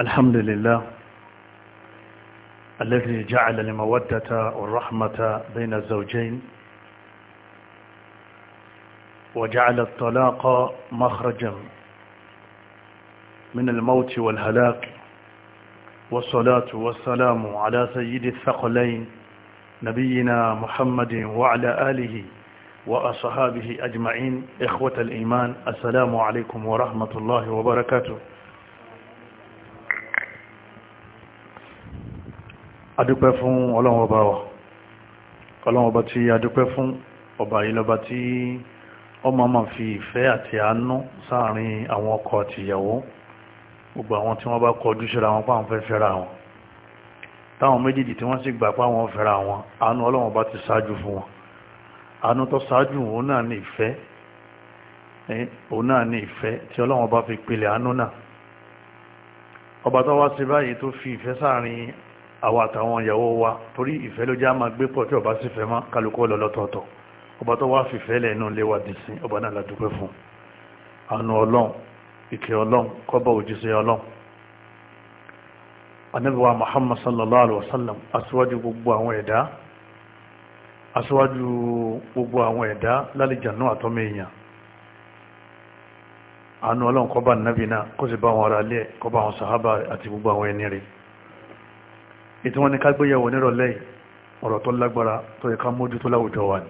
الحمد لله الذي جعل المودة والرحمة بين الزوجين وجعل الطلاق مخرجا من الموت والهلاك والصلاة والسلام على سيد الثقلين نبينا محمد وعلى آله وأصحابه أجمعين إخوة الإيمان السلام عليكم ورحمة الله وبركاته adúpẹ́ fún ọlọ́run ọba wa ọlọ́run ọba tí adúpẹ́ fún ọba yìí lọ́ba tí ọmọ máa fi ìfẹ́ àti àánú sáàrin àwọn ọkọ àti ìyàwó gbogbo àwọn tí wọ́n bá kọjú síra wọn páwọn fẹ́ fẹ́ra wọn táwọn méjèèjì tí wọ́n sì gbà páwọn fẹ́ra wọn àánú ọlọ́run ọba ti ṣáájú fún wọn àánú tó ṣáájú òun náà ní ìfẹ́ òun náà ní ìfẹ́ tí ọlọ́run ọba fi pilẹ̀ àánú náà ọba tó wá sí báyìí tó fi ìfẹ́ sáàrin àwọn àtàwọn ìyàwó wa torí ìfẹ́ ló já máa gbé pọ̀ tí ọba sì fẹ́ mọ́ kálukọ́ lọ ọba tó wá fìfẹ́ lẹ̀ inú ilé wa dì sí ọba náà la dúpẹ́ fún àánú ọlọ́run ìkẹ́ ọlọ́run muhammad sallallahu alaihi wasallam aṣíwájú gbogbo àwọn ẹ̀dá aṣíwájú gbogbo àwọn ẹ̀dá lálejànú àtọ́mọ èèyàn àánú ọlọ́run kọ́bà nàbì náà kó sì bá ètò wọn ni ká gbéyẹ̀wò nírọ̀lẹ́ ọ̀rọ̀ tó lágbára tó yẹ ká mójú tó láwùjọ wa ni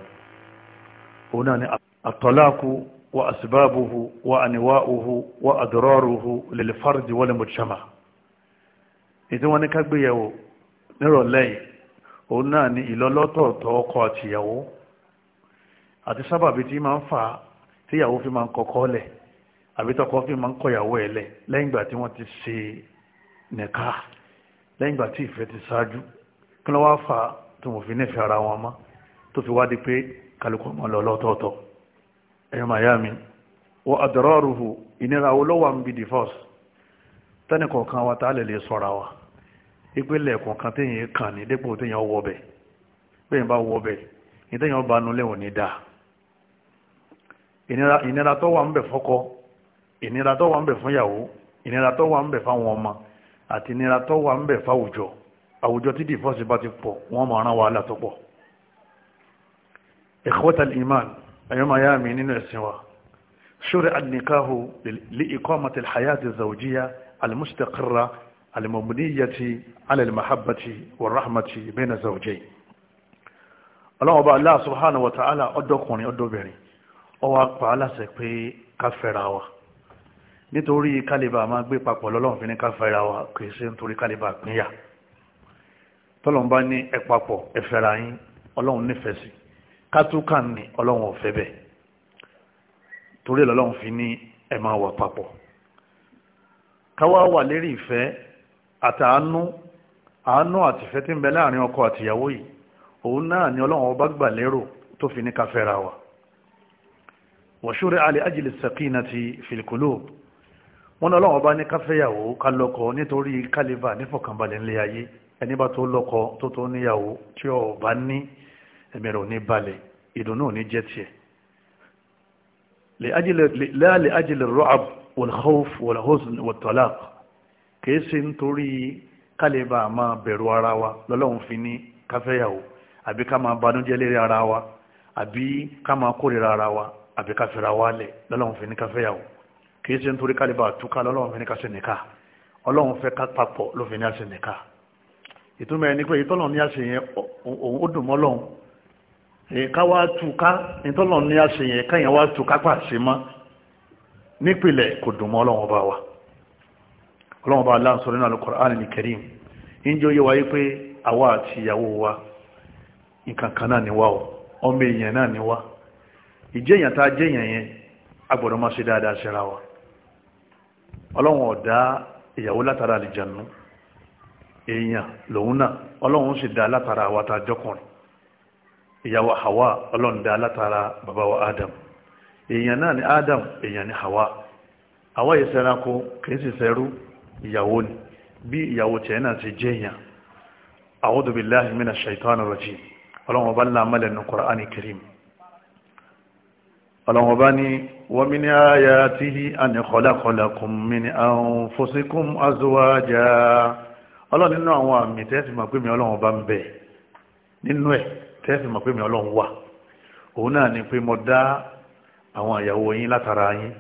òun náà ni àtọ́láàkú wa àsìbáàbùhù wa àníwáhùhù wa àdọ́rọ́rùhù lèlèfàrìdì wọlé mọ̀tíṣàmà ètò wọn ni ká gbéyẹ̀wò nírọ̀lẹ́ òun náà ni ìlọ́lọ́tọ̀ọ̀tọ̀ ọkọ àtìyàwó àti sábàbí tí máa ń ti ṣe nìkáà lẹ́yìn tí ìfẹ́ ti ṣáájú kí ló fà á tó mo fi nífẹ̀ẹ́ ara wọn mọ́ tó fi wádìí pé kálukú ọmọ lọ lọ́tọ̀ọ̀tọ̀ ẹ̀yọ́ màyá mi wọ́n àdọ̀rọ̀rùhù ìnira wo ló wà ń bi divorce tẹ́nìkọ̀ọ̀kan wa tá lè lè sọ̀ra wa ìpínlẹ̀ kọ̀ọ̀kan téèyàn kàn ní dépò téèyàn wọ bẹ̀ bá wọ ìtẹ́yàn bá nulẹ̀ ò ní dáa ìnira tó wà bẹ̀ fọ́kọ ìnira bẹ̀ fún ìyàwó ìnira àti nira tó wà ń bẹ̀ fáwùjọ àwùjọ tí dìfọ́sì bá ti pọ̀ wọ́n máa rán wàhálà tó pọ̀ ikhwatal iman ayọ́mọ̀ ayá mi nínú ẹ̀sìn wa ṣúrẹ̀ adnikahu lè ikọ́ matil hayati zaujiya almustaqirra almọ̀mùníyàti alalmahabbati wa rahmati bẹ́ẹ̀ na zaujai nítorí kálíbà máa gbé papọ̀ lọ́lọ́run fi ní ká fẹ́ra wa kìí ṣe nítorí kálíbà pínyà tọ́lọ́run bá ní ẹ papọ̀ ẹ fẹ́ra yín ọlọ́run nífẹ̀ẹ́ sí kátúkà ní ọlọ́run ò fẹ́ bẹ́ẹ̀ torí lọ́lọ́run fi ní ẹ máa wà papọ̀ káwá wà lérí ìfẹ́ àtàánú àánú àtìfẹ́ tí ń bẹ láàrin ọkọ àtìyàwó yìí òun náà ni ọlọ́run ọba gbà lérò tó fi ní ká fẹ́ra wa wọ̀ṣúrẹ́ alẹ́ ajílẹ̀ sẹ́kìnà ti fìlìkúlóòbù wọ́n náà lọ́wọ́ bá ní káfẹ́yàwó ká lọ́kọ nítorí kálífà nífọ̀kànbalẹ̀ ńlẹ̀ ayé ẹni bá tó lọ́kọ tó tó níyàwó tí ó bá ní ẹ̀mí rẹ̀ ò ní balẹ̀ ìdùnnú ò ní jẹ́ tiẹ̀. láàlẹ̀ ajílẹ̀ rọ́àb wal-khawf wal-huzn wat-talaq kìí ṣe nítorí kálífà máa bẹ̀rù ara wa lọ́lọ́run fi ní káfẹ́yàwó àbí ká máa banújẹ́ lérí ara wa àbí ká kìí ṣe nítorí kálíbà túká lọ́lọ́run fi ní ká ṣe nìka ọlọ́run fẹ́ ká papọ̀ ló fi ní àṣẹ nìka ìtumọ̀ ẹni pé ìtọ́lọ̀ ní àṣẹ yẹn òun ó dùn mọ́ lọ́run ká wá túká ìtọ́lọ̀ ní àṣẹ yẹn káyẹn wá túká pàṣẹ mọ́ nípìnlẹ̀ kò dùn mọ́ ọlọ́run ọba wa ọlọ́run ọba aláǹ sọ nínú al ni wá o ni wá ìjẹ́yàn tá a jẹ́yàn yẹn a máa ṣe dáadáa síra wa ọlọ́run ọ̀dá ìyàwó látara àlìjànú èèyàn lòun náà ọlọ́run sì dá látara àwata jọkùnrin ìyàwó hawa ọlọ́run dá látara bàbá wa adam èèyàn náà ni adam èèyàn ni hawa àwa yìí sẹ́ranko kì í sì sẹ́rú ìyàwó ni bí ìyàwó tiẹ̀ náà ti jẹ́ èèyàn a'udhu billahi minash shaitani rajim ọlọ́run ọba ńlá amálẹ̀ nù Qur'ani Karim ọlọ́run ọba ní ومن آياته أن خلق لكم من أنفسكم أزواجا Ọlọ́run nínú àwọn àmì tẹ́ẹ̀fì mọ̀ pé mi Ọlọ́run bá ń bẹ nínú ẹ̀ tẹ́ẹ̀fì mọ̀ pé mi Ọlọ́run wà òun náà ni pé mo dá àwọn ìyàwó yín látara yín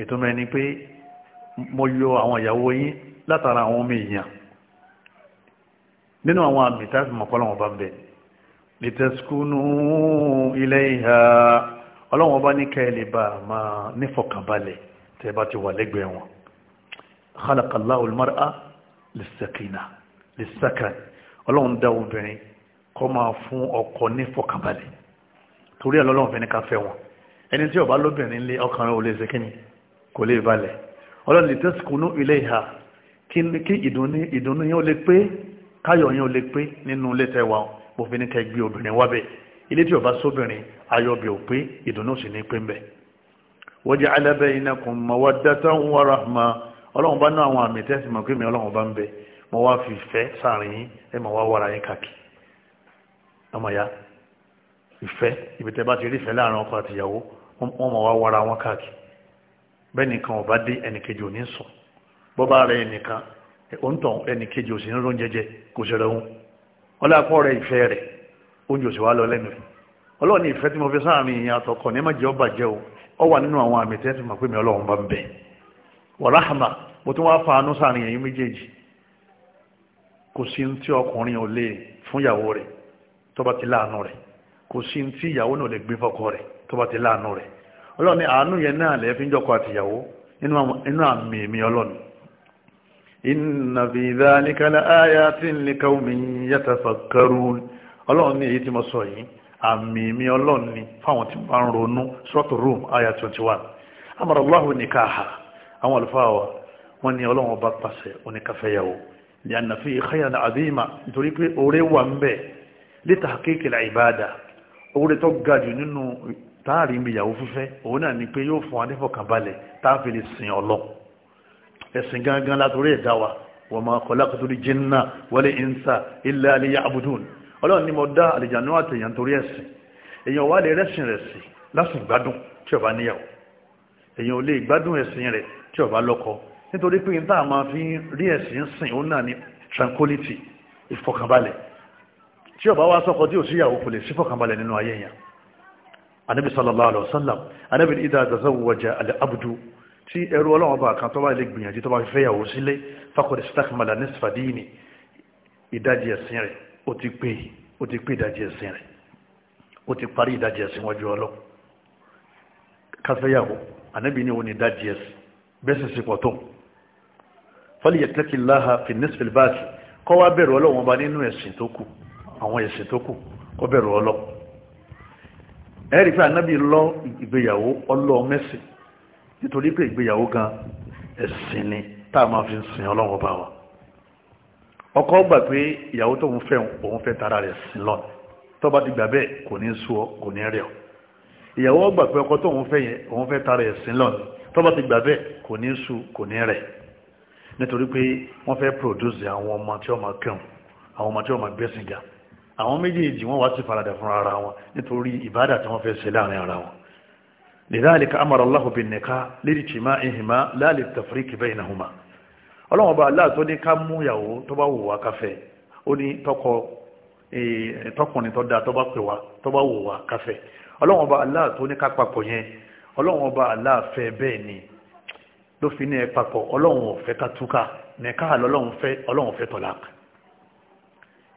ètò mẹ́ ni pé mo yọ àwọn ìyàwó yín látara àwọn ọmọ èèyàn nínú àwọn àmì tẹ́ẹ̀fì mọ̀ pé Ọlọ́run bá ń bẹ litaskunu ilayha ọlọ́wọ́n bá ní kẹ́ẹ̀lẹ̀ bá máa nífọ̀kànbalẹ̀ tẹ́ bá ti wà lẹ́gbẹ̀ẹ́ wọn khalaqallahu al-mar'a lis-sakina lis-sakan ọlọ́run dá obìnrin kọ́ máa fún ọkọ nífọ̀kànbalẹ̀ torí ọlọ́run fẹ́ ní ká fẹ́ wọn ẹni tí ó bá lóbìnrin lé ọkàn rẹ̀ ò lè ṣe kíni kò lè balẹ̀ ọlọ́run lè taskunu ilayha kí ìdùnnú ilé tí ó bá sóbìnrin ayọ̀bẹ̀ ò pé ìdùnnú sì ní pé ń bẹ̀. waja'ala bainakum mawaddatan wa rahma ọlọ́run bá ná àwọn àmì tẹ́sí mọ̀ pé mi ọlọ́run bá ń bẹ mo wá fi ìfẹ́ sáàrin yín ẹ mọ̀ wá wàrà yín kàkì ọmọ ya ìfẹ́ ibi tẹ́ bá ti rí ìfẹ́ láàrin ọkọ àtìyàwó wọ́n mọ̀ wá wàrà wọn kàkì bẹ́ẹ̀ nìkan ọba dé ẹnìkejì ò ní sùn bọ́bá rẹ ẹnìkan òǹtàn ẹnìkejì ò sì ń rún jẹjẹ kò sì rẹ̀ hun ọlọ́pàá rẹ ìfẹ́ rẹ̀ oúnjẹ òsì wá lọ lẹ́nu rẹ̀ ọlọ́run ní ìfẹ́ tí mo fi sáàmì ìyẹn àtọkọ ní ẹmọ́jẹ́ ọba jẹ́ o ọ wà nínú àwọn àmì tẹ́sí mọ̀ mi ọlọ́run bá ń bẹ̀ wàláhàmà mo tún wá fàánú sáàrin ẹ̀yìn méjèèjì kò sí ní tí ọkùnrin ò lè fún ìyàwó rẹ̀ tó bá ti láàánú rẹ̀ kò sí ní tí ìyàwó náà lè gbé fọ́kọ rẹ̀ tó bá ti láàánú rẹ̀ ọlọ́run ní àánú yẹn náà ọlọ́run ní èyí tí mo sọ yìí àmì mi ọlọ́run ni fáwọn tí bá ń ronú sọ́tò room aya twenty one amara allahu nikaha àwọn àlùfáà wa wọ́n ní ọlọ́run ọba pàṣẹ oníkàfẹ́yàwó ní ànàfi khayran azima nítorí pé oore wà ń bẹ̀ li tahqiqi al-ibada oore tó ga jù nínú táàrí mi ìyàwó fífẹ́ òun náà ni pé yóò fún adéfọ̀kànbalẹ̀ táàfi lè sìn ọlọ́ ẹ̀sìn gangan látòrí ẹ̀dá wa wa ma khalaqtul jinna wal insa illa liya'budun ọlọ́run ni mo dá àlìjànú àtẹ̀yàn torí ẹ̀sìn èèyàn wà lè rẹ́sìn rẹ̀ sí lásùn gbádùn tí ó bá níyàwó èèyàn ò lè gbádùn ẹ̀sìn rẹ̀ tí ó bá lọ́kọ nítorí pé níta máa fi rí ẹ̀sìn sìn òun náà ni tranquility ìfọkànbalẹ̀ tí ó bá wá sọ́kọ tí ò síyàwó kò lè sí fọkànbalẹ̀ nínú ayé yẹn anabi sallallahu alaihi wasallam anabi idha tazawwaja al-abdu tí ẹrú ọlọ́run bá kan tó bá lè gbìyànjú tó bá fẹ́ yàwó sílé faqad istakmala nisfa dini ìdajì ẹ̀sìn rẹ̀ ó ti pé ó ti pé ìdajì ẹ̀sìn rẹ̀ ó ti parí ìdajì ẹ̀sìn wájú ọlọ́ káfẹ́yàwó ànábì ní òun ìdajì ẹ̀sìn bẹ́sẹ̀ sí pọ̀ tó fọ́lì yẹtẹ́kì láha finis filibati kọ́ wá bẹ̀rù ọlọ́wọ́n bá nínú ẹ̀sìn tó kù àwọn ẹ̀sìn tó kù kọ́ bẹ̀rù ọlọ́ ẹ̀rí ọkọ gbà pé ìyàwó tóun fẹ́ òun fẹ́ tara rẹ̀ sí lọ tó bá ti gbà bẹ́ẹ̀ kò ní sú ọ kò ní rẹ̀ ọ ìyàwó gbà pé ọkọ tóun fẹ́ yẹn òun fẹ́ tara rẹ̀ sí lọ tó bá ti gbà bẹ́ẹ̀ kò ní sú kò ní rẹ̀ nítorí pé wọ́n fẹ́ produce àwọn ọmọ tí wọ́n máa kírun àwọn ọmọ tí wọ́n máa gbẹ́sìn ga àwọn méjèèjì wọ́n wá sí faradà fún ara wọn nítorí ìbádà tí wọ́n fẹ́ ṣe láàrin ara wọn lidhalika amara Allahu bin nikah lil ijtima'ihima la lit tafriqi baynahuma ọlọ́wọ́n bá aláà tó ní ká mú ìyàwó tó bá wù wá káfẹ́ ó ní tọkọ tọkùnrin tó dáa tó bá pè wá tó bá wù wá káfẹ́ ọlọ́wọ́n bá aláà tó ní ká papọ̀ yẹn ọlọ́wọ́n bá aláà fẹ́ bẹ́ẹ̀ ni ló fi ní ẹ papọ̀ ọlọ́wọ́n ò fẹ́ ká túká nìka ọlọ́wọ́n fẹ́ ọlọ́wọ́n fẹ́ tọ̀lá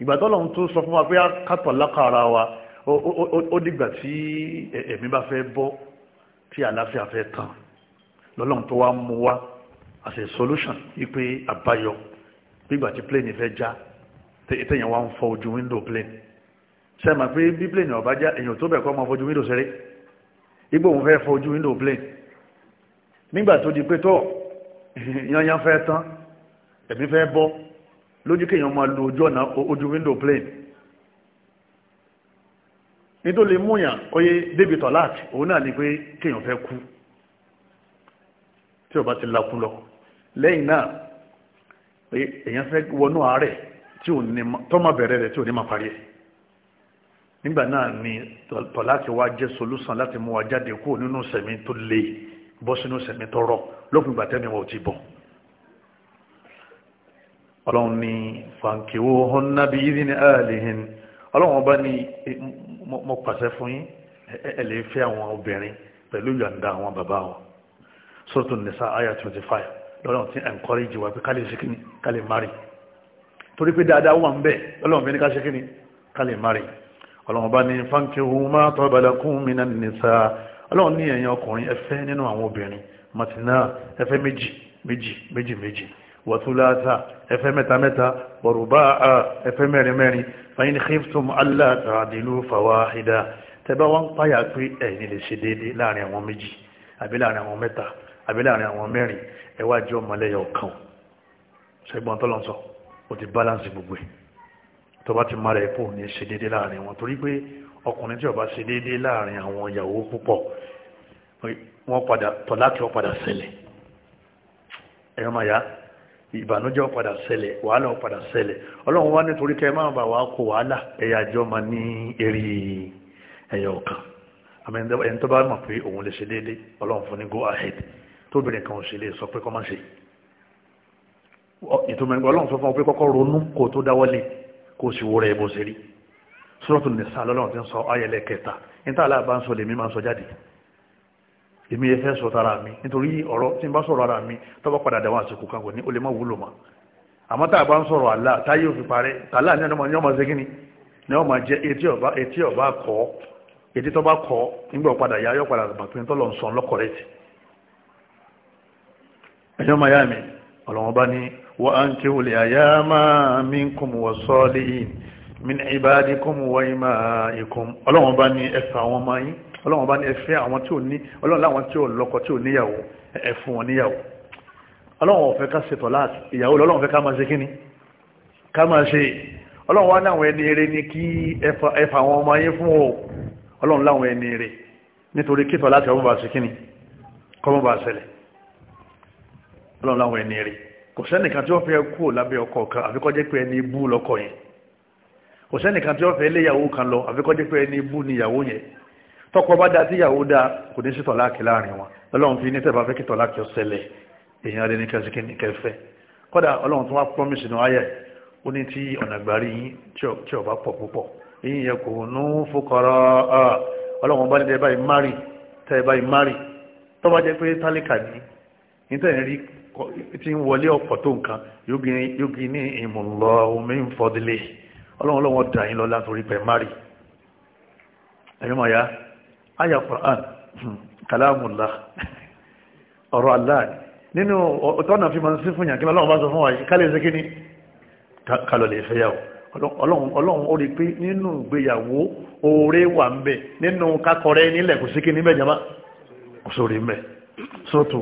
ìgbà tó lọ́wọ́n tó sọ fún wa pé ká tọ̀lá kára wa ó dìgbà tí ẹ̀mí bá fẹ́ bọ́ tí àlàáfíà fẹ́ tán lọ́lọ́wọ́n tó wá mú wa as a solution wípé àbáyọ nígbà tí plane fẹ́ já téèyàn wá ń fọ ojú window plane ṣe mà pé bí plane ọ̀bá já èèyàn tó bẹ̀ kọ́ máa fojú window ṣeré igbó òun fẹ́ fọ ojú window plane nígbà tó di pé tọ́ yanyan fẹ́ tán ẹ̀mí fẹ́ bọ́ lójú kéèyàn máa lo ojú ọ̀nà ojú window plane nítorí múyàn oyé débi tọ̀láàtì òun náà ni pé kéèyàn fẹ́ kú tí ó bá ti lakú lọ lẹ́yìn náà èèyàn fẹ́ wọnú àárẹ̀ tí ò ní tọ́mọ bẹ̀rẹ̀ rẹ̀ tí ò ní máa parí ẹ̀ nígbà náà ni tọ̀láṣì wa jẹ́ solúsàn láti mú wa jáde kúrò nínú sẹ̀mí tó le bọ́ sínú sẹ̀mí tó rọ̀ lópin ìgbà tẹ́mi wa ò ti bọ̀ ọlọ́run ni fàǹkìwó họ́nàbí yìí ní ààlìhìn ọlọ́run ọba ni mo pàṣẹ fún yín ẹ lè fẹ́ àwọn obìnrin pẹ̀lú yọ̀ǹda àwọn bàbá wọn sọ́tún nìsa ayah twenty five lọ́lọ́run ti encourage wa pé ká lè ṣe kíni ká lè marry torí pé dáadáa wà ń bẹ̀ lọ́lọ́run fi ní ká ṣe kíni ká lè marry ọlọ́run bá ní fankihu ma taba lakum minan nisa ọlọ́run ní ẹ̀yin ọkùnrin ẹfẹ́ nínú àwọn obìnrin matina ẹfẹ́ méjì méjì méjì méjì wàtúláta ẹfẹ́ mẹ́ta mẹ́ta bọ̀rùbá ẹfẹ́ mẹ́rin mẹ́rin fàyín khiftum alla àbí láàrin àwọn mẹ́rin ẹwájú ọmọlẹ́yà ọ̀kan ṣẹgbọ́n tọ́lọ́ sọ ó ti balance gbogbo ẹ̀ tó bá ti mara ẹ̀ pò ní ṣe déédéé láàrin wọn torí pé ọkùnrin tí ó bá ṣe déédéé láàrin àwọn ìyàwó púpọ̀ wọ́n padà tọ́láàkì ó padà ṣẹlẹ̀ ẹ̀yọ́ máa yá ìbànújẹ́ ó padà ṣẹlẹ̀ wàhálà ó padà ṣẹlẹ̀ ọlọ́run wá nítorí kẹ́ máa bà wá kó wàhálà ẹ̀yà àjọ máa ní eré ẹ̀yà ọ̀kan àmì ẹni tó bá mọ̀ pé òun lè ṣe déédéé ọlọ́run fún ní go ahead tóbìnrin kan ò sì lè sọ pé kọ́ máa ṣe ìtumọ̀ ìgbà ọlọ́run sọ fún ọ pé kọ́kọ́ ronú kó tó dáwọ́lé kó sì wúrẹ́ bó ṣe rí sọ́rọ́tún nìsá lọ́lọ́run ti ń sọ ayẹlẹ kẹta níta aláàbá ń sọ lèmi máa ń sọ jáde èmi yẹn fẹ́ sọ tara mi nítorí ọ̀rọ̀ tí n bá sọ̀rọ̀ ara mi tọ́wọ́ padà dáwọn àsìkò kan kò ní o lè má wúlò mọ́ àmọ́ tá a bá ń sọ̀rọ̀ àlá táyé òfin parẹ́ tàlá ní ọmọ ọmọ ṣe kíni ní ọmọ jẹ etí ọba kọ́ etí tọ́ bá kọ́ nígbà padà yá yọ padà bàtúntọ́ lọ sọ lọ́kọ̀rẹ́tì ẹ̀yọ́ miami ọlọ́wọ́n bá ní wa ankihu li ayama minkum was-salihin min ibadikum wa imaikum ọlọ́wọ́n bá ní ẹ̀fẹ́ àwọn ọmọ yín ọlọ́wọ́n bá ní ẹ̀fẹ́ àwọn tí ò ní ọlọ́wọ́n láwọn tí ò lọ́kọ tí ò níyàwó ẹ̀fún wọn níyàwó ọlọ́run láwọn ẹni rí kò sẹ́nìkan tí wọ́n fẹ́ kú lábẹ́ ọkọ kan àfikọ́jẹ́ pé ẹni ibú lọ́kọ yẹn kò sẹ́nìkan tí wọ́n fẹ́ léyàwó kan lọ àfikọ́jẹ́ pé ẹni ibú níyàwó yẹn tọkọ bá dá tíyàwó dá kò ní sí tọ̀láàkì láàrin wọn ọlọ́run fi ní tẹ́bà fẹ́ kí tọ̀láàkì ọ̀sẹ̀lẹ̀ èèyàn rẹ̀ ní kẹsìkí kẹfẹ́ kọ́dà ọlọ́run tó wá promise nù ayẹ ó ní tí ọ̀nà gbàrí yín tí ọba pọ̀ púpọ̀ yín yẹ kò nú fúkọrọ ọlọ́run bá ní tẹ́ báyìí márì tẹ́ báyìí márì tọ́ bá jẹ́ pé tálíkà ní ní tẹ́yìn rí tí ń wọlé ọ̀pọ̀ tó nǹkan yóò ní ìmùlọ omi ń fọdílé ọlọ́run ọlọ́run dà lọ mari ẹ̀yọ́ màá yá àyà hmm, ọ̀rọ̀ Allah nínú ọ̀tọ́nà fi máa sí fún yàn kí ọlọ́run bá sọ fún kálẹ̀ kíní ọlọ́run ó rí pé nínú ìgbéyàwó oore wà ń nínú nílẹ̀ kò sí jama kò sórí mẹ́ sọ́tù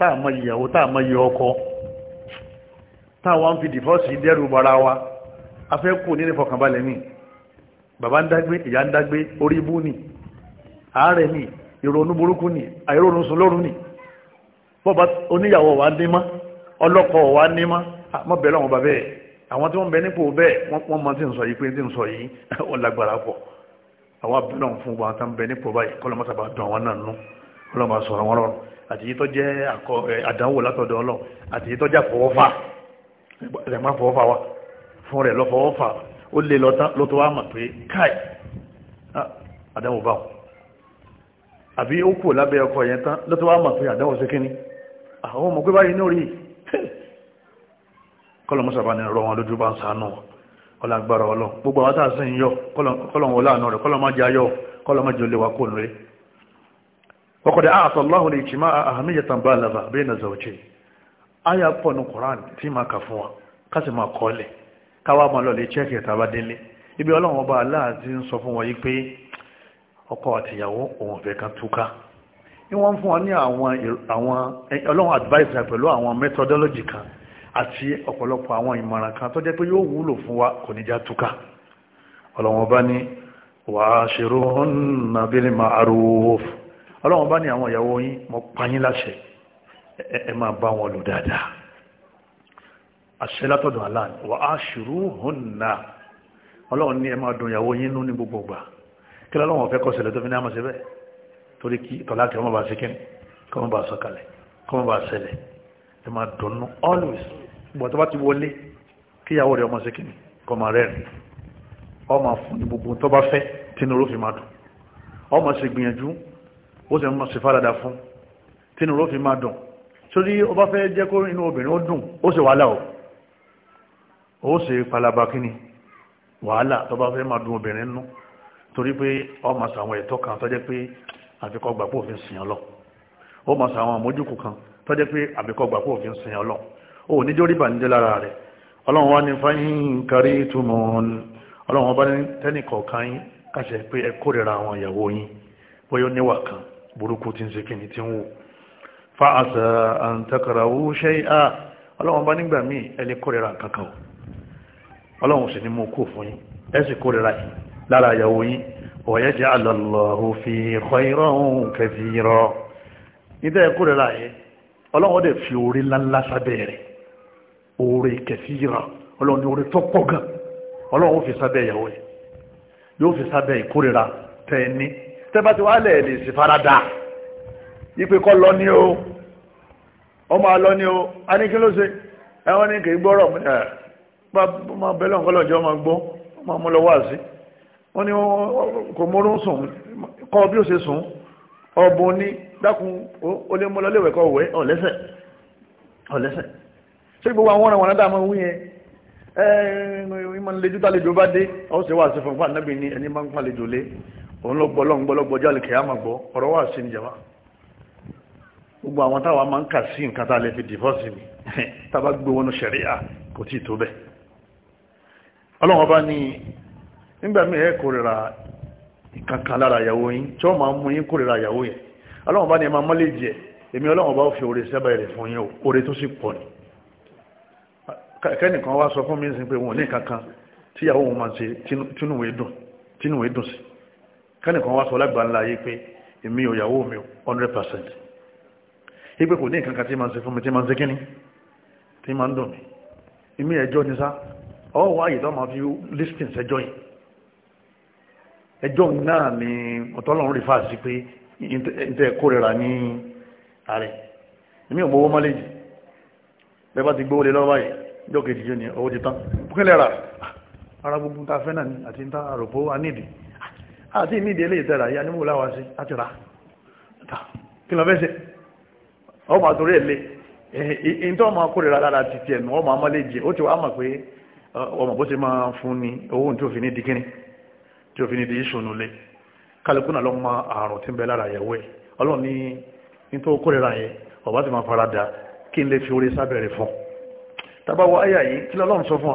táà mọ ìyàwó táà mọ iye ọkọ táà wọ́n fi dìfọ́sì dẹ́rù bara wa afẹ́kù nílé fọkànbalẹ̀ ni bàbá ń dágbé ìyá ń dágbé orí ibú ni àárẹ̀ ni ìrònú burúkú ni àìrónú sùn lóru ni bọ́ba oníyàwó wa ní mọ́ ọlọ́kọ̀ wa ní mọ́ mọ́ bẹ̀rẹ̀ àwọn bàbá ẹ̀ àwọn tí wọ́n bẹ nípò bẹ́ẹ̀ wọ́n mọ tí ọlọ́mọ sọ̀rọ̀ wọn lọ́rùn àti yìí tó jẹ́ àdánwò látọ̀dọ̀ ọlọ́ àti yìí tó jẹ́ àfọwọ́fà rẹ̀ má fọwọ́fà wa fún rẹ̀ lọ́fọwọ́fà ó lè lọ́tọ́ wá mọ̀ pé káì ah, àdánwò báwọn àbí ó kù lábẹ́ ọkọ̀ yẹn tán lọ́tọ́ wá mọ̀ pé àdánwò sí kíní ah, àwọn ọmọ pé báyìí lórí kọlọmọsàbà ni rọ wọn lójú bá ń sànú ọlágbára ọlọ gbogbo àwọn tàà sí ń yọ kọlọmọ ọlànà rẹ kọlọmọ jẹ ayọ kọlọmọ jẹ olè wa kò lórí وقد أعطى الله الاجتماع أهمية بالغة بين زوجين آية pọ̀ ní Qur'an tí ma kà fún wa ká sì máa kọ́lẹ̀ káwà máa lọ lè chẹ́kì ẹ̀tàbá délé ibi ọlọ́run ọba Allah ti ń sọ fún wọn yí pé ọkọ àtìyàwó òun fẹ́ kan túká ní wọ́n fún wọn ní àwọn ọlọ́run advice rẹ̀ pẹ̀lú àwọn methodology kan àti ọ̀pọ̀lọpọ̀ àwọn ìmọ̀ràn kan tó jẹ́ pé yóò wúlò fún wa kò ní já túká ọlọ́run ọba ní wa'ashiruhunna bil ma'ruf ọlọ́run bá ní àwọn ìyàwó yín mọ́ pàyín láṣẹ ẹ máa bá wọn lò dáadáa àṣẹ látọ̀dọ̀ aláàni wà á ṣùrù hùn náà ọlọ́run ní ẹ máa dùn ìyàwó yín nú ní gbogbo gbà kí lọ́wọ́n ọmọ always gbọ́ tó bá ti wọlé kí ìyàwó rẹ̀ ọmọ sí kíni kọ́mọ rẹ́rìn ọmọ fún ní gbogbo tó bá fẹ́ tínú fi máa dùn ọmọ sì gbìyànjú ó sì mọ́ sí fàdàdà fún tínú ló fi máa dùn sórí ó bá fẹ́ jẹ́ kó inú obìnrin ó dùn ó sì wàhálà ó sì palaba kíni wàhálà tó bá fẹ́ máa dùn obìnrin nú torí pé ọ ma sàwọn ẹ̀tọ́ kan tọ́jẹ́ pé àfikọ́ gbà pòfin sìn ọ lọ ó ma sàwọn àmójúkù kan tọ́jẹ́ pé àfikọ́ gbà pòfin sìn ọ lọ ó ní jórí bàníjẹ́ lára rẹ̀ ọlọ́run wá ní fáyín kárí túmọ̀ ọlọ́run ọba ní tẹ́nìkọ̀ọ̀kan yín kàṣẹ pé ẹ kórìíra àwọn ìyàwó yín bóyá níwà kan burúkú tí ń ṣe kìíní tí ń wò fa àṣà àǹtakàràwó ṣe à ọlọ́wọ́n bá nígbà míì ẹni kórìíra kankan o ọlọ́wọ́n sì ní mú kó fún yín ẹ sì kórìíra yìí lára àyàwó yín ọ̀yẹ́ jẹ́ alọ́lọ́hù fi khayran kathira níbẹ̀ kórìíra yẹn ọlọ́wọ́n dẹ̀ fi tẹ́bá ti wá lẹ̀ lè sì farada ipe kọ́ lọ ní o ọmọ alọ ní o a ní kí ló ṣe ẹwọ́n ní kì í gbọ́rọ̀ ẹ̀ bá ọmọ bẹ́lẹ̀ ọ̀kọ́lọ̀ jẹ́ ọmọ gbọ́ ọmọ mú lọ wá sí wọ́n ní kò mórún sùn kọ́ bí ó ṣe sùn ọ̀bùn ní dákun ó lé mú lọ kọ́ wẹ́ ọ̀lẹ́sẹ̀ ṣé gbogbo àwọn ọ̀ràn dáa máa ń wí ẹ̀ẹ́n ìmọ̀ nílẹ̀ bá dé ọ̀sẹ̀ òun ló gbọ́ lọ́n gbọ́lọ́gbọ́ jáde kìyàmà gbọ́ ọ̀rọ̀ wà sí ìjọba gbogbo àwọn táwa máa ń kà sí nǹkan tá a lè fi divorce mi tábà gbé wọnú ṣẹ̀ríà kò tí tó bẹ́ẹ̀ ọlọ́run ọba ní nígbà ni kẹ́nìkan wá sọ fún mi sí pé wọn ní kankan tíyàwó kẹ́nìkan wá sọ lágbà ńlá yìí pé èmi ò yàwó mi 100% ipé kò ní nǹkan kan tí ma ń ṣe fún mi tí ma ń ṣe kíní tí ma ń dùn mí èmi ẹjọ́ ní sá ọwọ́ wá yìí tó ma fi listing ṣẹjọ́ yìí ẹjọ́ náà ni ọ̀tọ́lọ́run rí fáà sí pé ìtẹ́ kórìíra ní ààrẹ èmi ò mọ owó mọ́lẹ́jì bẹ́ẹ̀ bá ti gbówó lé lọ́wọ́ yìí ìjọ́ kejì yìí ni owó ti tán kúkẹ́lẹ́ rà ah, ara gbogbo ta fẹ́ náà ni àti ta àròpó anídìí àti ìnídìí ilé ìtẹ́ra ìyá ní ya sí láti ra kí lọ fẹ́sẹ̀ ọmọ àtúrí ẹ̀lẹ́ ìntọ́ ọmọ akórira lára ti tiẹ̀ nù ọmọ amọ́lé jẹ ó ti wá mọ̀ pé ọmọ bó ṣe ma fún ni owó tí ní di kíní tí òfin ní di ìṣònú lé kálukú náà lọ ma àrùn tí ń bẹ lára ọba ti fara da kí n lè fi orí sábẹ̀rẹ̀ fún tabawo yìí kí sọ fún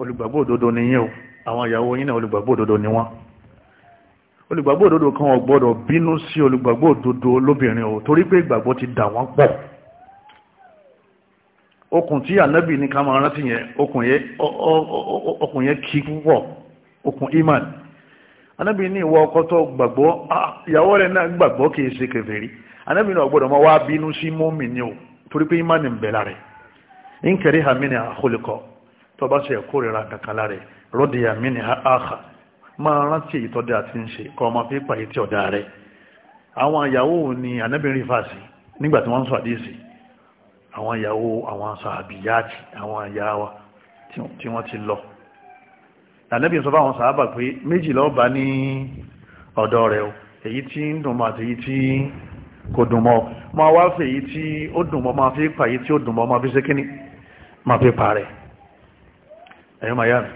olùgbàgbọ́ òdodo ni yín o àwọn ìyàwó yín náà olùgbàgbọ́ òdodo ni wọ́n olùgbàgbọ́ òdodo kan ò gbọ́dọ̀ bínú sí olùgbàgbọ́ òdodo lóbìnrin o torí pé ìgbàgbọ́ ti dà wọ́n pọ̀ okùn tí ànábì ní ká máa rántí yẹn okùn yẹn kí púpọ̀ okùn iman ànábì ní ìwọ ọkọ tó gbàgbọ́ ìyàwó rẹ̀ náà gbàgbọ́ kì í ṣe kèfèrí ànábì náà gbọ́dọ̀ máa wá bínú sí mọ́mì ni o torí pé iman ń bẹ lára ẹ̀ hàmínà àkọlùkọ́ tó bá ṣe ìkórìíra kankan lára ẹ̀ rọ́dìyà mí ni àhà máa rántí èyí tọ́da àti ń ṣe kọ́ ọmọ pípa èyí tí ọ̀dà rẹ̀ àwọn ìyàwó ni anábìnrin fàṣì nígbà tí wọ́n ń sọ àdéhìsì àwọn ìyàwó àwọn sàbíyáàtì àwọn ìyàwó tí wọ́n ti lọ lànàbí sọ fáwọn sàábà pé méjì ló bá ní ọ̀dọ̀ rẹ̀ o èyí tí ń dùn mọ́ àti èyí tí kò dùn mọ́ máa wá fẹ́ èyí tí ó dùn mọ́ máa fi pa èyí tí ó dùn mọ́ máa fi ṣe kíní máa fi pa rẹ̀ ẹ̀yọ́ màá yá mi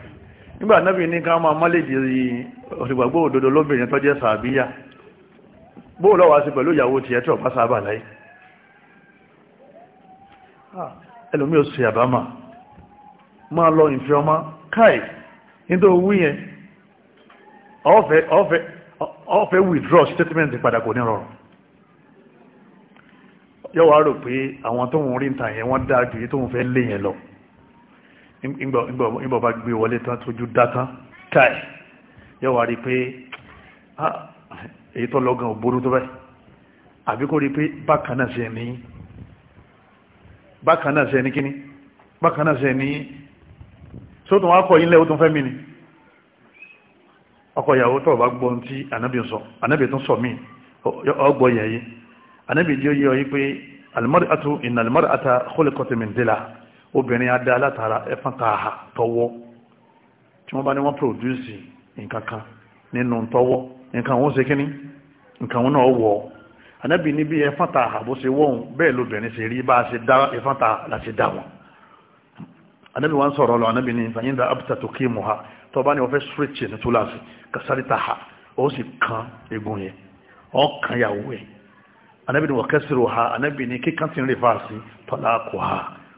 nígbà nábì ní ká máa mọ́lẹ̀jì òṣìgbàgbọ́ òdodo lóbìnrin tó jẹ́ sàbíyà bóò lọ́wọ́ sí pẹ̀lú ìyàwó tiẹ̀ tí ọ̀pá sábà láyé ẹlòmí ò sí àbámà máa lọ ìfẹ́ ọmọ káì nítorí owó yẹn ọ̀fẹ́ withdraw statement padà kò ní rọrùn yọ́wọ́ rò pé àwọn tóun rí ń ta yẹn wọ́n dáa ju èyí tóun fẹ́ lé yẹn lọ ìgbà bá gbé wọlé tán tójú dátán káì yóò wá rí pé ah, èyí tó lọ́gán ò burú tó báyìí àbí kó rí pé bákan náà ṣe ní bákan náà ṣe ní kíní bákan náà ṣe ní sótún wá kọ ilé ó tún fẹ́ mi ni ọkọ ìyàwó tó bá gbọ́n tí anábì sọ anábì tún sọ míì ọgbọ yẹn yìí anábì jẹ́ yọ yí pé al-mar'atu inna al min dila obìnrin adé alátara ẹfọn tààhà tọwọ́ tí wọ́n bá ní wọ́n pòdúsì nǹkan kan nínú tọwọ́ nǹkan wọn ṣe kíní nǹkan wọn náà wọ̀ anábì níbi ẹfọn tààhà bó ṣe wọ́n bẹ́ẹ̀ lóbìnrin ṣe rí bá ṣe dá ẹfọn tààhà láti dá wọn anábì wọn sọ̀rọ̀ lọ anábì ní ìfàyíndà tó kí ha tó bá wọ́n fẹ́ ní túláàsì tààhà ó sì kan egun yẹn yàwó ẹ̀ anábì ní wọ́n kẹ́sìrò ha anábì ní kíkàntì ń rè fáàsì tọ́lá kò ha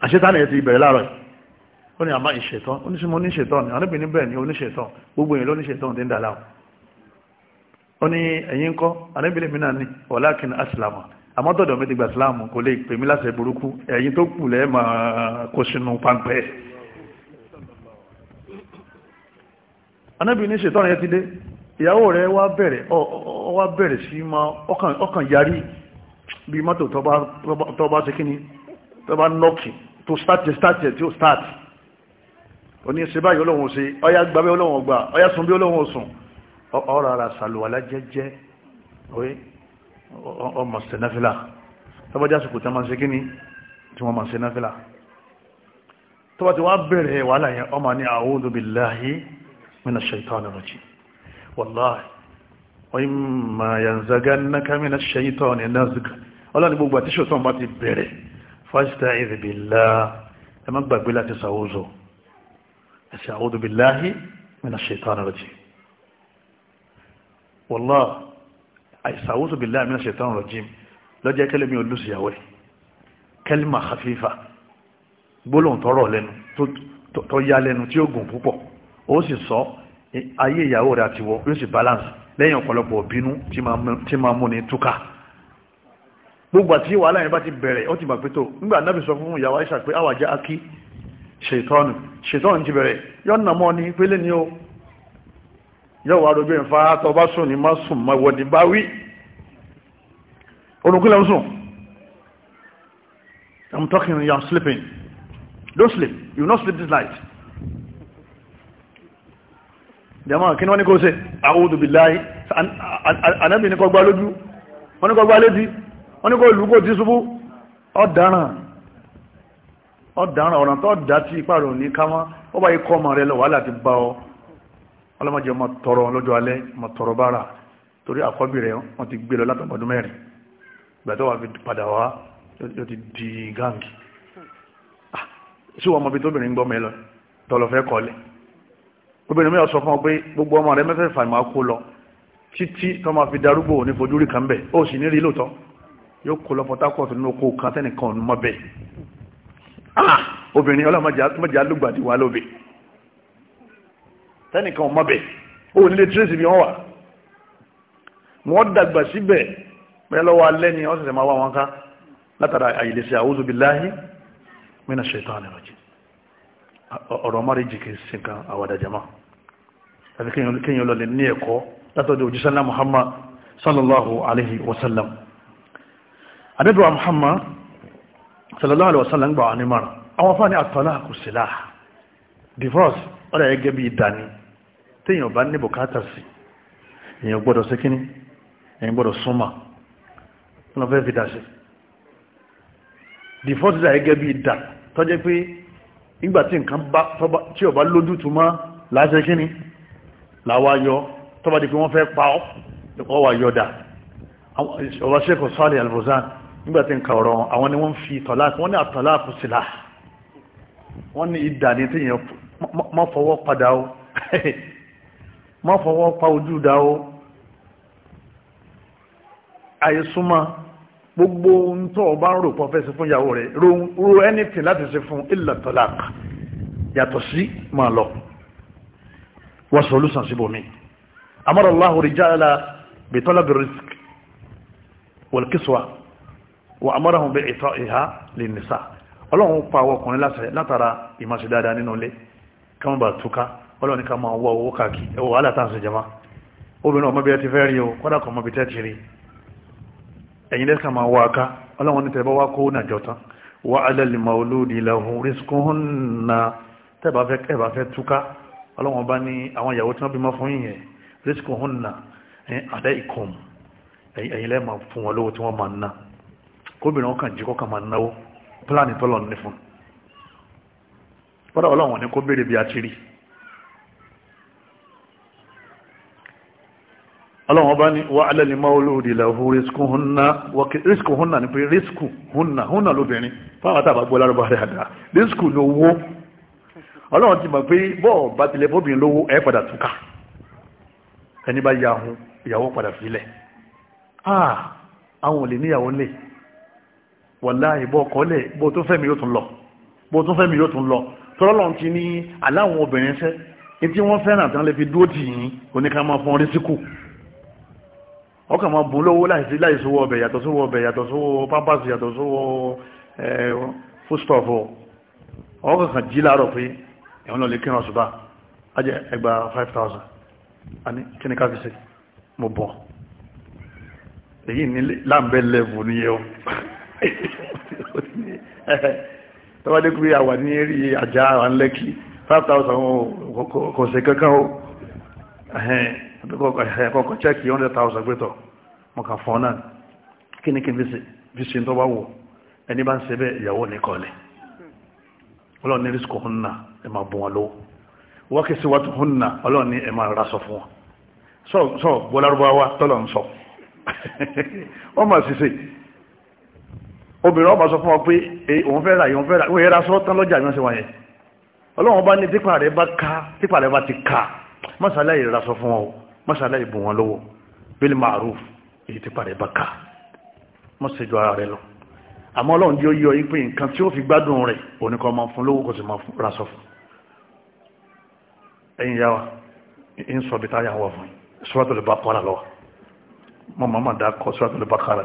àṣetánì ẹ̀ ti bẹ̀rẹ̀ láàárọ̀ ó ní àmá ìṣẹ̀tán oníṣẹ́mọ́ oníṣẹ̀tán ni àníbìnrin bẹ̀rẹ̀ ní oníṣẹ̀tán gbogbo èèyàn lóníṣẹ̀tán ti ń dàlá ó ní ẹ̀yìn kọ́ àníbìnrin mìíràn ni ọ̀làkìn asilamu àmọ́ tọ̀dọ̀ mi ti gbà síláàmù kò lè pè mí láṣẹ burúkú ẹ̀yìn tó kù lẹ́ẹ̀ máa kó sínú pàǹpẹ́ àníbìnrin ṣètán yẹn ti dé ìyàwó rẹ̀ wá bẹ̀rẹ̀ ọ wá bẹ̀rẹ̀ sí máa ọkàn yarí bí mọ́tò tó bá ṣe kíni tó bá nọ́ọ̀kì tó start yẹ start yẹ tí ó start oní ṣe báyìí ọlọ́run ṣe ọyá gbàbẹ́ ọlọ́run ọgbà ọyá sùn bí ọlọ́run sùn ọ̀rọ̀ ara sàlùwàlá jẹ́jẹ́ ọmọ sẹ̀náfílà tọ́bọ́já sùkù tí wọ́n máa ṣe kí ni tí wọ́n máa ṣe náfílà tọ́bọ́ ti wá bẹ̀rẹ̀ wàhálà yẹn ọmọ ní a'udhu billahi minash fasta'idh billah ẹ má gbàgbé láti ṣàwùzọ ẹ sì a'udhu billahi minash shaitanir rajim wọ́lá àìsàwùzọ billahi minash shaitanir rajim lọ́jẹ́ kẹ́lẹ́mí olùsìyàwó kẹ́lẹ́mà khafifa gbólóhùn tọrọ lẹ́nu tó yá lẹ́nu tí ó gùn púpọ̀ ó sì sọ ayé ìyàwó rẹ̀ àtiwọ́ yóò sì gbogbo àti wàhálà yẹn bá ti bẹ̀rẹ̀ ó ti bà pé tó nígbà anábì sọ fún ìyàwó àìsà pé àwàjá akí ṣètọ́nù ṣètọ́nù ti bẹ̀rẹ̀ yọ́nà mọ́ ni pélé ni ó yọ̀wọ́ arójú ẹ̀ ń sùn ní má sùn má bá wí ń sùn I'm talking you are sleeping don't sleep you will not sleep this night jama kí ni wọ́n ní kó ṣe a'udhu billahi anábì ní kọ́ gbá lójú wọ́n ní kọ́ gbá wọ́n ní kó lù kó ti ṣubú ọ̀daràn ọ̀daràn ọ̀ràn tó dá tí ipa rò ní ká mọ́ ó bá ikọ́ ọmọ rẹ lọ wàhálà ti bá ọ ọlọ́mọdé ọmọ tọrọ lọ́jọ́ alẹ́ ọmọ tọrọ bára torí àkọ́bí rẹ wọ́n ti gbé lọ látọmọdún mẹ́rin ìgbà tó wà fi padà wá yóò ti di gáǹgì sí ah, wọn ọmọbi tóbìnrin yóò kó lọ Port Harcourt nínú oko kan sẹ́nìkan ọ̀nù mọ́ bẹ́ẹ̀ ah obìnrin ọlọ́mọdé alógbàdì wà lóbe sẹ́nìkan ọ̀nù mọ́ bẹ́ẹ̀ ó nílé tírèsì bí wọ́n wà wọ́n dàgbà síbẹ̀ bẹ́ẹ̀ lọ́wọ́ alẹ́ ni wọ́n sẹ̀sẹ̀ máa wá wọn ká látara àyèlèsè a'udhu billahi mina shaitani rajim ọ̀rọ̀ mọ́rí jìkì sí nǹkan àwàdàjàmá àti kéèyàn lọ lè ní Muhammad sallallahu alaihi wasallam àdẹ́bẹ̀wà Muhammad sallallahu alaihi wasallam gbà wà ní mara àwọn fáni àtọ́lá kò sílá divorce ọ̀rẹ́ ẹgẹ́ bí ìdání tí èyàn bá ní bùkátà sí èyàn gbọ́dọ̀ sí kíní èyàn gbọ́dọ̀ súnmà wọ́n fẹ́ fi dáṣẹ́ divorce dà ẹgẹ́ bí ìdá tọ́jẹ́ pé ìgbà tí nǹkan tí ọba lójú tó má láṣẹ kíní làwa yọ tọ́ba di pé wọ́n fẹ́ pa ọ́ ọwà yọ ọba sẹ́kọ̀ọ́ sáré albozan nígbàtí nǹkan ọ̀rọ̀ àwọn ni wọ́n fi tọ́láàkù wọ́n ní àtọ́láàkù sílá wọ́n ní ìdà ní tíyàn má fọwọ́ padà ó má fọwọ́ pa ojú dá ó àìsúnmọ́ gbogbo ohun tó ọba ń rò pọ́fẹ́ sí fún ìyàwó rẹ̀ ro anything láti ṣe fún ilẹ̀ tọ́láàkù yàtọ̀ sí máa lọ wọ́n sọ olùsàn síbòmí amara Allahu rijala bi talabi rizq wà amọ́ràn bẹ ìtọ́ ìhá lè nìsà ọlọ́run pa àwọn ọkùnrin látara ìmáṣe dáadáa nínú ilé káwọn bá túká ọlọ́run ká máa wọ owó káàkiri ẹwọ alátànsì jama obìnrin ọmọ bí ẹ ti fẹ́ rí o kọ́dà kan mọ́ bí tẹ́ ti rí ẹ̀yin lẹ́sà máa wọ aká ọlọ́run ní tẹ́bá wá kó nàjọ tán wà alal mauludi lahu rizquhunna tẹ́bà fẹ́ túká ọlọ́run bá ní àwọn ìyàwó tí wọ́n bímọ fún yìnyẹn rizquhunna àdá ìkọ̀m ẹ̀yin lẹ́ máa fún wọn lówó tí wọ́n máa ná kóbìnrin ọkàn jí kọ́kàn máa náwó pílánì tọ́lọ̀ ní fún bọ́dọ̀ ọlọ́run ní kó béèrè bí a ti rí ọlọ́run ọba ní wà alẹ́ ní mawludi lahu rísíkù húnna rísíkù húnna ní pé rísíkù húnna húnna lóbìnrin fáwọn àtàbà gbọ́ lárúbá rẹ̀ àdá rísíkù ní owó ọlọ́run ti mọ̀ pé bọ́ọ̀ bá tilẹ̀ bóbìnrin lówó ẹ̀ padà túká ẹni bá yahun ìyàwó padà filẹ̀ ah àwọn ò lè níyàwó lè wàláhì bọ́ kọ́lẹ̀ bó tó fẹ́mi yóò tún lọ bó tó fẹ́mi yóò tún lọ tọ́lọ́lọ́n ti ní aláwọn obìnrin fẹ́ etí wọ́n fẹ́ràn tán lè fi dúró tì yín oníkà máa fọ́n rísíkù ọkàn máa bùn lówó láìsí láìsí owó ọbẹ̀ yàtọ̀ sówó ọbẹ̀ yàtọ̀ sówó pampers yàtọ̀ sówó fústọ̀fù ọkàn kan jí láàárọ̀ pé ẹ̀wọ̀n lọ́ọ́ lè kírun ọ̀ṣùbà ajẹ́ ẹgbà five thousand a kí ni ká fi ṣe mo bọ̀ èyí ní láǹbẹ̀ lẹ́vù níyẹn o tọ́wádé kúrò àwà ní eré àjá àwọn lẹ́kì 5,000 kò sí kankan ó kọ̀kọ̀ chẹ́kì 100,000 gbẹ́tọ̀ mọ̀kà fún náà kí ní kí fi ṣe tó bá wò ẹni bá ń ṣe bẹ́ẹ̀ ìyàwó ní kọ́lẹ̀ ọlọ́ni rísíkò húnna ẹ máa bù wọn lówó wọ́n kí síwájú húnna ọlọ́ni ẹ máa rásọ fún wọn sọ bọ́lárúbáwá tọ́lọ̀ ń sọ ọmọ ṣiṣẹ́ obìnrin ọba sọ fún ọ pé òun fẹ́ rà yìí òun fẹ́ rà òun yẹra sọ tán lọ́jà ìwọ̀n sí wáyẹn ọlọ́run bá ní típa rẹ̀ bá ká típa rẹ̀ bá ti ká mọ́sálá yìí rà sọ fún ọ mọ́sálá yìí bù wọn lọ́wọ́ bílí màrúf èyí típa rẹ̀ bá ká mọ́sẹ̀jọ ara rẹ̀ lọ àmọ́ ọlọ́run yóò yọ yí pé nǹkan tí ó fi gbádùn rẹ̀ òun kan máa fún lówó kò sì máa rà sọ fún ẹ̀yin yá wa ń sọ bí táyà wà fún yìí suratul Baqara lọ mọ́ màmá dá kọ́ suratul Baqara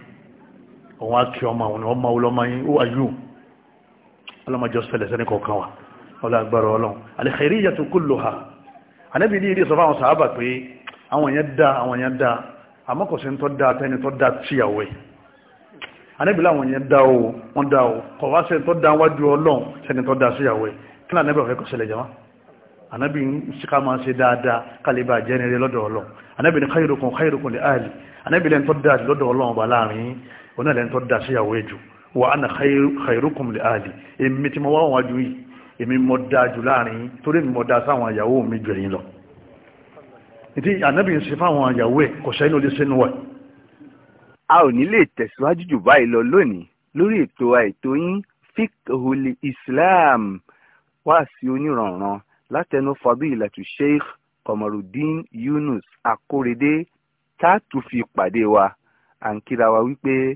òun á kí ọmọ òun ọmọ olọ́mọ yín ó wà yù ọlọ́mọjọ sẹlẹ̀ sẹ́ni kọ̀ọ̀kan wa ọlọ́ agbára ọlọ́run al-khairiyyatu kulluha ànábì ní ilé sọ fáwọn sàábà pé àwọn èèyàn dá àwọn èèyàn dá o wọ́n o kọ̀ wá sẹ́ni tọ́ dá wájú ọlọ́run sẹ́ni tọ́ dá síyàwó ẹ̀ kí náà ànábì ọ̀fẹ́ kọ́ sẹlẹ̀ jama ànábì ń sika máa ṣe dáadáa kálíbà jẹ́nire lọ́dọ̀ ọlọ́run ànábì ní khairukum khairukum li ahli ànábì lẹ́ni náà lẹ́ni tó dá síyàwó ẹ̀ jù wa ana khairukum li ahli èmi tí mo wá wọn ju yìí èmi mo dáa jù láàrin yín torí èmi mo dáa sáwọn ìyàwó mi jù ẹ̀yin lọ ìdí ànábì ń ṣe fáwọn ìyàwó ẹ̀ kò sẹ́yìn olè sínú ẹ̀. a ò ní lè tẹ̀síwájú jù báyìí lọ lónìí lórí ètò àìtó yín fiqhul islam wá sí onírànran látẹnu fadilatu sheikh Kọmọrùdín Yunus Akórèdé tá a tún fi pàdé wa à ń kíra wa wípé.